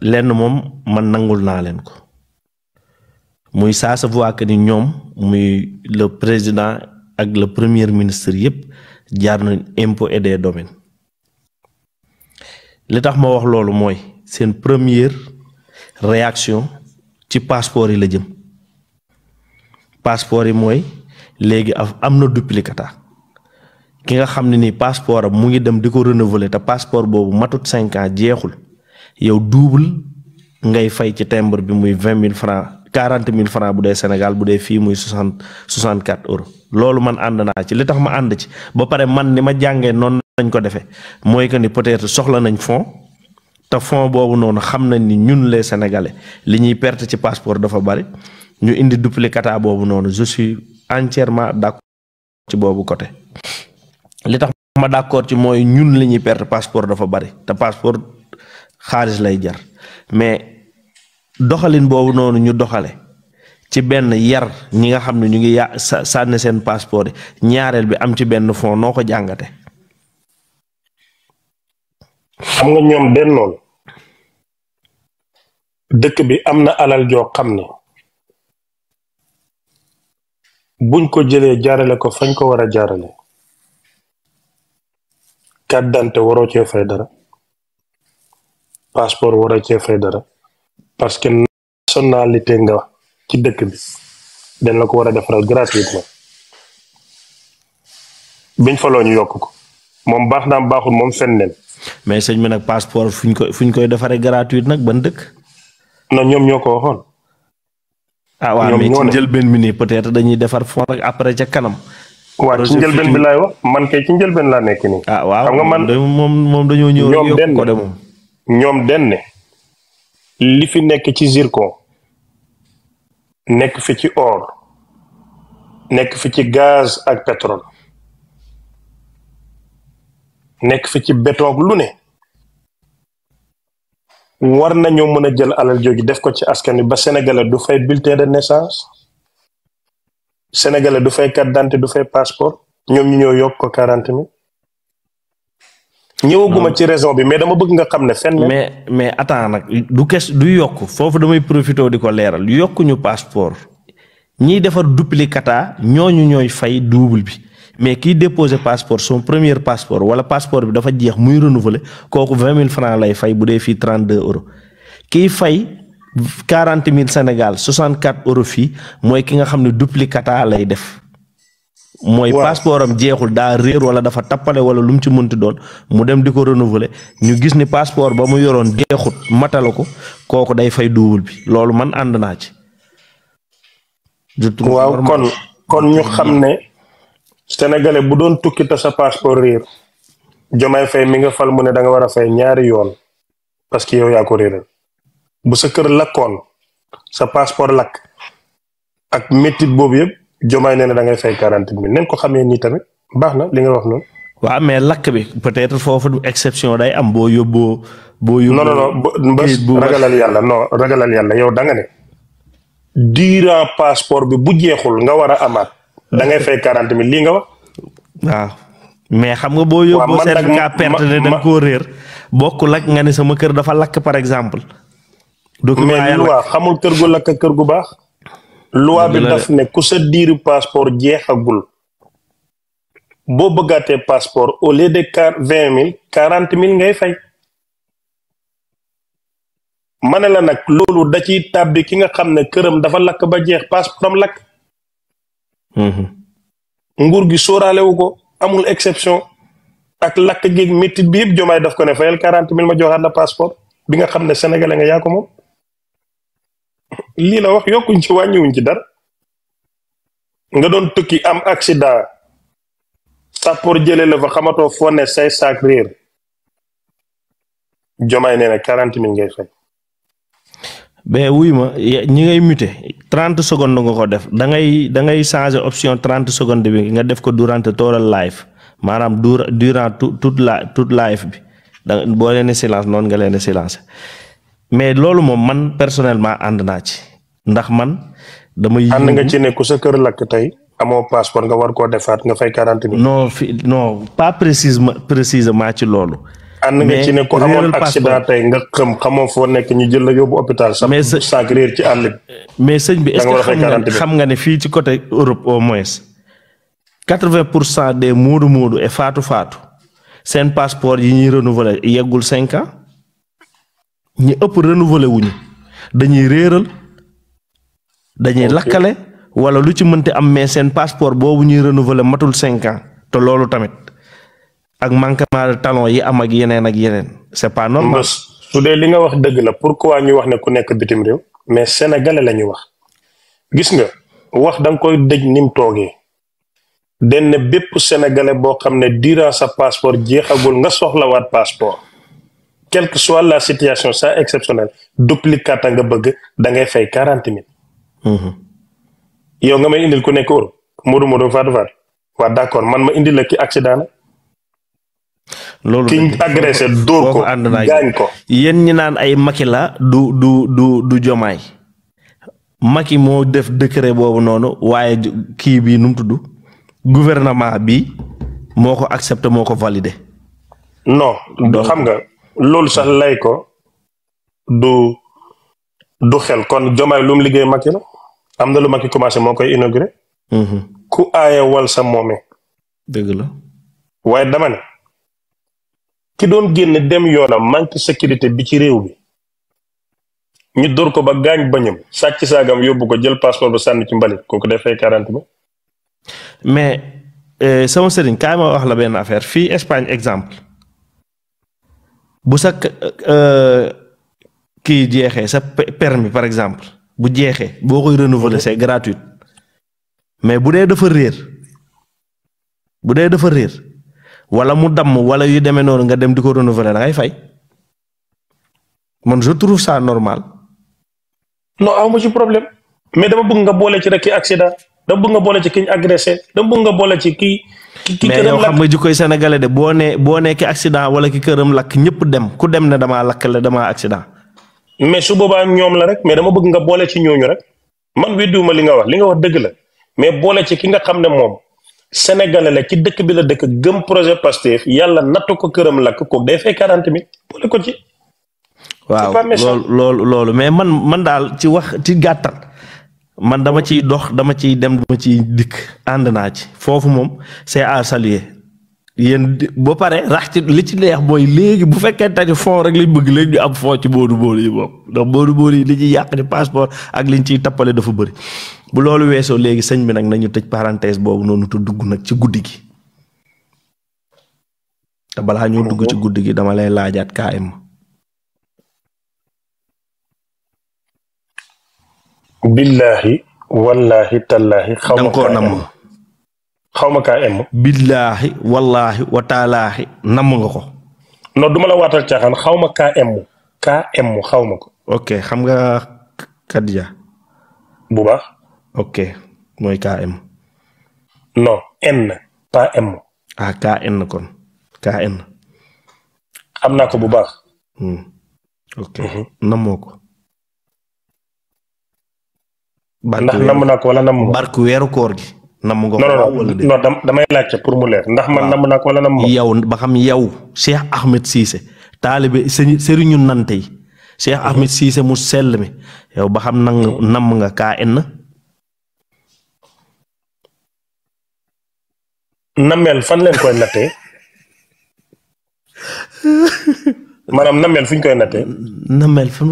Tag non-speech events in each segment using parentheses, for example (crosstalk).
lenn moom man nangul naa leen ko muy ça se voit que ni ñoom muy le président ak le premier ministre yépp jaar nañ impôt et des domaines li tax ma wax loolu mooy seen première réaction ci passeport yi la jëm passeport yi mooy léegi am na duplicata ki nga xam ne nii passeport am mu ngi dem di ko renouveler te passeport boobu matut cinq ans jeexul yow double ngay fay ci timbre bi muy vingt mille francs quarante mille francs bu dee Sénégal bu dee fii muy soixante soixante quatre euros loolu man ànd naa ci li tax ma ànd ci ba pare man ni ma jàngee noonu lañ ko defee mooy que ni peut-être soxla nañ fond te fond boobu noonu xam nañ ni ñun les Sénégalais li ñuy perte ci passeport dafa bari ñu indi duplicata boobu noonu je suis entièrement d'accord ci boobu côté li tax ma d'accord ci mooy ñun li ñuy perte passeport dafa bari te passeport. xaalis lay jar mais doxalin boobu noonu ñu doxale ci benn yar ñi nga xam ne ñu ngi ya sànni seen passeport yi ñaareel bi am ci benn fond noo ko jàngate xam nga ñoom den noonu dëkk bi am na alal joo xam ne buñ ko jëlee jaarale ko fañ ko war a jaarale kàddante waroo cee fay dara passeport war a cee fay dara parce que nationalité nga ci dëkk bi den la ko war a defaral gratuitement biñ faloo ñu yokk ko moom baax naam baaxul moom fen neen mais sëñ bi nag passeport fuñ ko fuñ koy defaree gratuite nag ban dëkk. non ñoom ñoo ko waxoon. ah waaw mais ci njëlbeen bi nii peut-être dañuy defar fond rek après ca kanam. waa ci njëlbeen bi laay wax man kay ci njëlbeen laa nekk nii. ah waaw man moom moom dañoo ñëw. ñoom benn ko de moom. ñoom denn li fi nekk ci zircon nekk fi ci or nekk fi ci gaz ak pétrole nekk fi ci bétoog lu ne war nañoo mën a jël alal jooju def ko ci askan wi ba sénégalais du fay bulletin de naissance sénégalais du fay carte du fay passeport ñoom ñu ñëw yokk ko quarante mille ñëwaguma ci raison bi mais dama bëgg nga xam ne fenn. mais mais attends nag du kes du yokk foofu damay profité di ko leeral yokku yokkuñu passeport ñiy defar duplicata ñooñu ñooy fay double bi mais kiy déposé passeport son premier passeport wala passeport bi dafa jeex muy renouveler kooku vingt mille francs lay fay bu dee fii trente deux euros kiy fay quarante mille Sénégal soixante quatre euro fii mooy ki nga xam ne duplicata lay def. mooy passeport am jeexul daal réer wala dafa tappale wala lu mu ci mënti doon mu dem di ko renouveler ñu gis ni passeport ba mu yoroon jeexut matala ko kooku day fay double bi loolu man ànd naa ci. waaw kon kon ñu xam ne sénégalais bu doon tukki sa passeport réer Diomaye Faye mi nga fal mu ne da nga war a fay ñaari yoon parce que yow yaa ko réeral bu sa kër lakkoon sa passeport lakk ak méttit boobu yëpp. Diomaye nee na da ngay fay quarante mille nañ ko xamee nii tamit baax na li nga wax noonu. waaw mais lakk bi peut-être foofu exception day am boo yóbboo. boo yóbboo non non non mbës ragalal yàlla non ragalal yàlla yow da nga ne. durant passeport bi bu jeexul nga war a amaat. dangay ngay fay quarante mille lii nga wax. waaw mais xam nga boo yóbboo certificat perte ne da koo réer. bokk ak nga ne sama kër dafa lakk par exemple. document mais lu waa xamul kër gu lakk kër gu baax. loi bi daf ne ku sa diiru passeport jeexagul boo bëggaatee passeport au lieu de vingt mille quarante mille ngay fay ma ne la nag loolu da ciy tàbbi ki nga xam ne këram dafa lakk ba jeex passeportam lakk mhm. nguur gi sóoraale wu ko amul exception ak lakk gi métti bi yëpp jomaay daf ko ne fayal quarante mille ma joxaat na passeport bi nga xam ne sénégalais nga yaa moom lii la wax yokkuñ ci wàññiwuñ ci dara nga doon tukki am accident sàppoor jëlee la fa xamatoo foo ne say saak réer jomaay nee na quarante mille ngay fay. mais wuy ma ñi ngay mute trente secondes nga ko def da ngay da ngay changer option trente secondes bi nga def ko durant tooral live maanaam durant tout la toute live bi da boo leen silence noon nga leen silence mais loolu moom man personnellement ànd naa ci ndax man dama ànd nga ci ne ku sa kër lakk tey amoo passeport nga war koo defaat nga fay quarante mille non fi non pas précisement ci loolu ànd nga ci ne ku amoon accident tey nga xam xamoo foo nekk ñu jël la yóbbu hôpital sax saak réer ci àll mais sëñ bi est-ce que xam nga ne fii ci côté Europe au moins quatre-vingt pour cent des moodu moodu et faatu faatu seen passeport yi ñuy renouveler yeggul cinq ans ñi ëpp renouvelé wuñu dañuy réeral dañuy lakkale wala lu ci mënti am mais seen passeport boobu ñuy renouvelé matul cinq ans te loolu tamit ak manquement de talent yi am ak yeneen ak yeneen c'est pas normal. su dee li nga wax dëgg la pourquoi ñu wax ne ku nekk bitim réew mais sénégalais la ñu wax gis nga wax danga koy dëj ni mu toogee denn bépp sénégalais boo xam ne durant sa passeport jeexagul nga soxlawaat passeport. quelle que soit la situation ça exceptionnelle duplicata nga bëgg da ngay fay quarante mille. Mhm. yow nga may indil ku nekk Europe Modou Modou Fatou Fatou waaw d' accord man ma indil la ki accident loolu ki ñu agressé dóor ko gaañ ko. yéen ñi naan ay Macky la du du du du jomaay Macky moo def décret boobu noonu waaye kii bii nu mu tudd gouvernement bi moo ko accepté moo ko validé. non. xam nga. loolu sax lay ko du du xel kon Diomaye lu mu liggéey Macky la am na lu Macky commencé moo koy inauguré. Mhm. ku aaye wal sa moome. dëgg la. waaye dama ne ki doon génn dem yoonam manque sécurité bi ci réew bi ñu dóor ko ba gaañ bañam sàcc saagam yóbbu ko jël passeport ba sànni ci mbalit kooku defee quarante ba. mais euh, sama sëriñ kaay ma wax la benn affaire fii Espagne exemple. bu sa euh, kii jeexee sa permis par exemple bu jeexee boo koy renouveler c'est gratuit mais bu dee dafa réer bu dee dafa réer walla mu damm wala yu demee noonu nga dem di ko renouveler da ngay fay man je trouve ça normal. non amu ci problème mais dama bëgg nga boole ci rek ki accident. dama bëgg nga boole ci ki ñu agressé dama bëgg nga boole ci ki ki mais yow xam nga boo nee boo nekkee accident wala ki këram lakk ñëpp dem ku dem ne damaa lakk la damaa accident. mais su boobaa ñoom la rek mais dama bëgg nga boole ci ñooñu rek man ma li nga wax li nga wax dëgg la mais boole ci ki nga xam ne moom sénégalais la ci dëkk bi la dëkk gëm projet Pastef yàlla nattu ko këram lakk ko day fay quarante mille boole ko ci. waaw loolu loolu loolu mais man man daal ci wax ci gàttal. man dama ciy dox dama ciy dem dama ciy dikk ànd naa ci foofu moom c'est à saluer yéen ba pare rax ci li ci leex booy léegi bu fekkee ni fond rek lañ bëgg léegi am fond ci boodu boodu yi moom ndax boodu boodu yi li ñuy yàq ni passeport ak liñ ciy tappale dafa bëri bu loolu weesoo léegi sëñ bi nag nañu tëj parenthèse boobu noonu te dugg nag ci guddi gi te balaa ñoo dugg ci guddi gi dama lay laajaat KM billaahi wallaahi tallaahi. xaw ma koo namm xaw ma kaa emm. billaahi wallaahi wataalaahi namm nga ko. non duma la waatal caaxaan xaw ma kaa emm kaa emm ko. ok xam nga Kadija. bu baax. ok mooy kaa emm. non n pas m. ah kaa n kon kaa n. xam naa ko bu baax. Hmm, mhm. ko. ndax namm naa wala namm ma weeru koor gi. namm nga ko wala mu leer ndax man namm naa ko wala namm ma. yow ba xam yow Cheikh Ahmed Cissé taalibe sëñ sëriñu nante yi Cheikh Ahmed mu sell mi yow ba xam nang mm-hmm. namm nga kaa enn. namel fan koy nattee (laughs) maanaam namel koy nattee. namel fu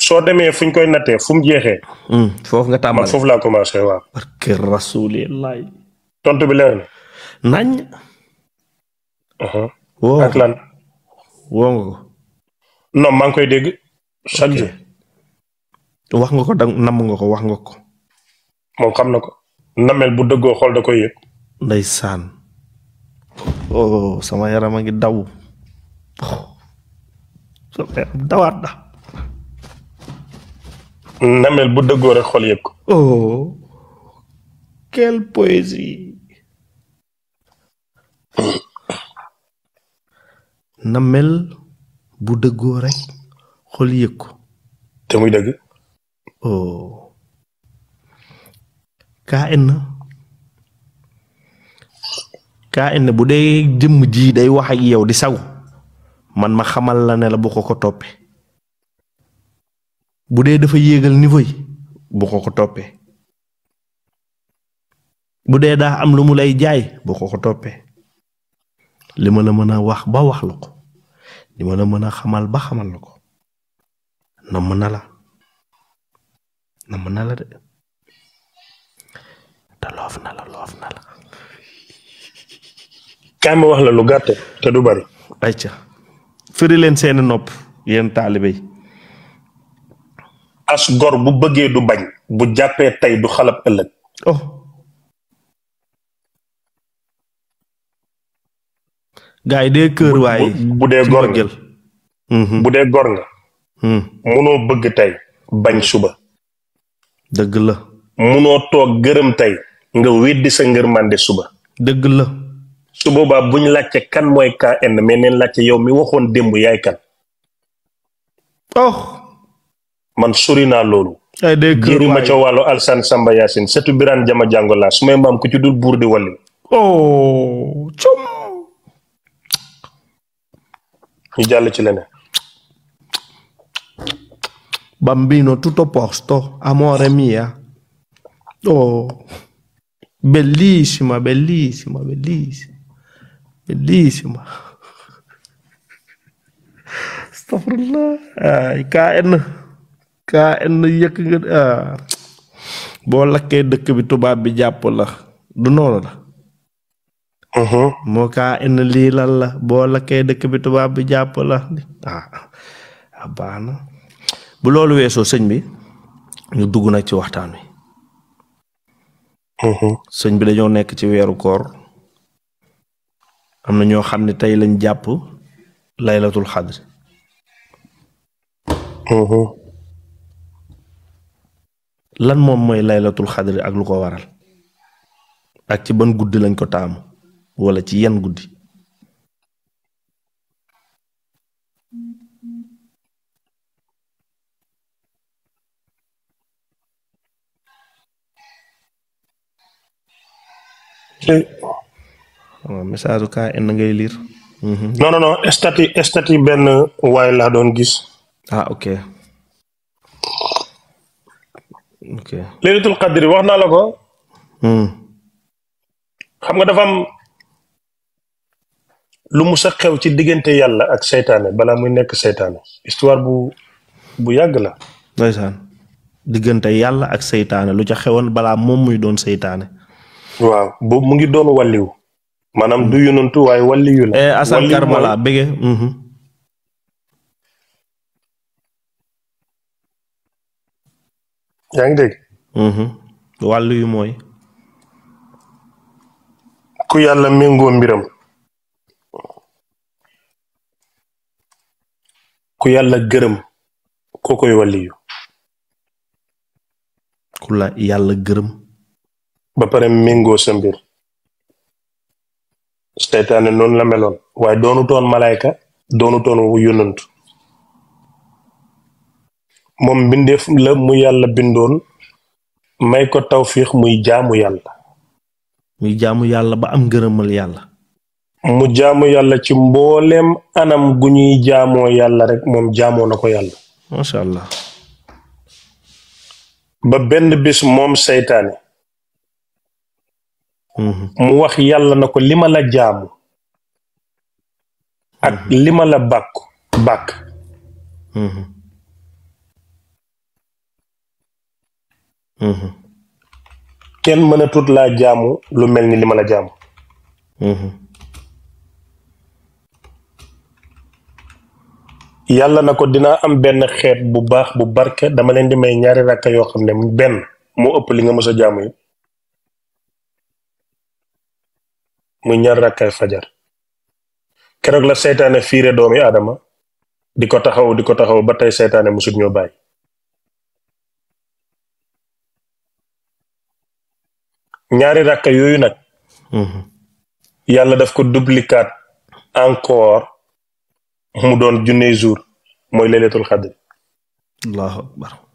soo demee fuñ koy nattee fu mu jeexee. Hmm, foofu nga man foofu laa commencé waaw. barke rasulillah. tontu bi leer na. nañ. Uh-huh. woo ak lan. woo maa ngi koy dégg chaque jour. wax nga ko da namm nga ko wax nga ko. moom xam na ko. namel bu dëggoo xool da koy yëg. ndeysaan. oh sama yaram a ngi daw. Oh, sama dawaat na. namel bu dëggoo rek xol yëg ko. Oh, bu dëggoo rek xol yëg ko. te muy dëgg. oh. KN. KN bu dee jëmm ji day wax ak yow di saw man ma xamal la ne la bu ko ko toppee. bu dee dafa yéegal niveau yi bu ko ko toppee bu dee daa am lu mu lay jaay bu ko ko toppee li ma la mën a wax ba wax la ko li ma la mën a xamal ba xamal la ko namm na la na la de te loof na la loof na la. wax la lu gàtt te du bari. ayca firi leen seeni nopp yéen taalibe yi as gor bu bëggee du bañ bu jàppee tey du xalab ëllëg. oh. gars dee kër waaye. Mhm. bu dee gor nga bu dee gor nga. munoo bëgg tey bañ suba. dëgg la. munoo toog gërëm tey nga weddi sa ngërmande suba. dëgg la. su boobaa buñ ñu laajte kan mooy KN mais neen laajte yow mi waxoon démb yaay kan. oh. man suri naa loolu. jëri ma ca wàllu Alsan Samba Yaasin setu Birane Jama jàngo laa su may maam ku ci dul buur di walli. oh com. ñu jàll ci leneen. Bambino tutto posto, amore mia. Oh, bellissima, bellissima, bellissima, bellissima. Astaghfirullah. Ah, IKN. kaa en yëkk nga ah boo lakkee dëkk bi tubaab bi jàpp la du noonu la. Uh-huh. moo kaa en lii lan la boo lakkee dëkk bi tubaab bi jàpp la ah, ah bu loolu weesoo sëñ bi ñu dugg nag ci waxtaan wi. Uh-huh. sëñ bi dañoo nekk ci weeru koor am na ñoo xam ne tey lañ jàpp laylatul xadr. Uh-huh. lan moom mooy laylatul xadri ak lu ko waral ak ci ban guddi lañ ko taamu wala ci yan guddi waaw message ka en ngay lire mhm. non non non benn waay laa doon gis ah ok ok laylatul qadri wax naa la ko. Hmm. xam nga dafa am lu mu sa xew ci diggante yàlla ak seytaane balaa muy nekk seytaane histoire bu bu yàgg la. ndeysaan diggante yàlla ak seytaane lu ca xewoon balaa moom muy doon seytaane. waaw boobu mu ngi doon wàlliw maanaam du yonantu waaye wàlliyu la. Eh, wàlliyu Assane Karmala yaa ngi dégg. Mm-hmm. wàllu yu ku yàlla méngoo mbiram. ku yàlla gërëm koo koy ku la yàlla gërëm. ba pare méngoo sa mbir. seytaane noonu la meloon. waaye doonutoon malaayka doonutoon yonantu moom mbindeef la mu yàlla bindoon may ko tawfiix muy jaamu yàlla. muy jaamu yàlla ba am ngërëmal yàlla. mu jaamu yàlla ci mbooleem anam gu ñuy jaamoo yàlla rek moom jaamoo na ko yàlla. macha ba benn bis moom seytaane. Mm-hmm. mu wax yàlla na ko li ma la jaamu. ak mm-hmm. li ma la bàkk bàkk. Mm-hmm. Mm-hmm. kenn mën a tut laa jaamu lu mel ni li ma la jaamu mm-hmm. yàlla na ko dina am benn xeet bu baax bu barke dama leen di may ñaari ràkka yoo xam ne benn moo ëpp li nga mës a jaamu yi muy ñaari ràkkaay fajar keroog la seytaane fiire doomi aadama di ko taxaw di ko taxaw ba tey seytaane musut ñoo bàyyi ñaari rakka yooyu nag. Mm-hmm. yàlla def ko duplicaat encore mu doon junne jour mooy laylatul xadr allahu akbar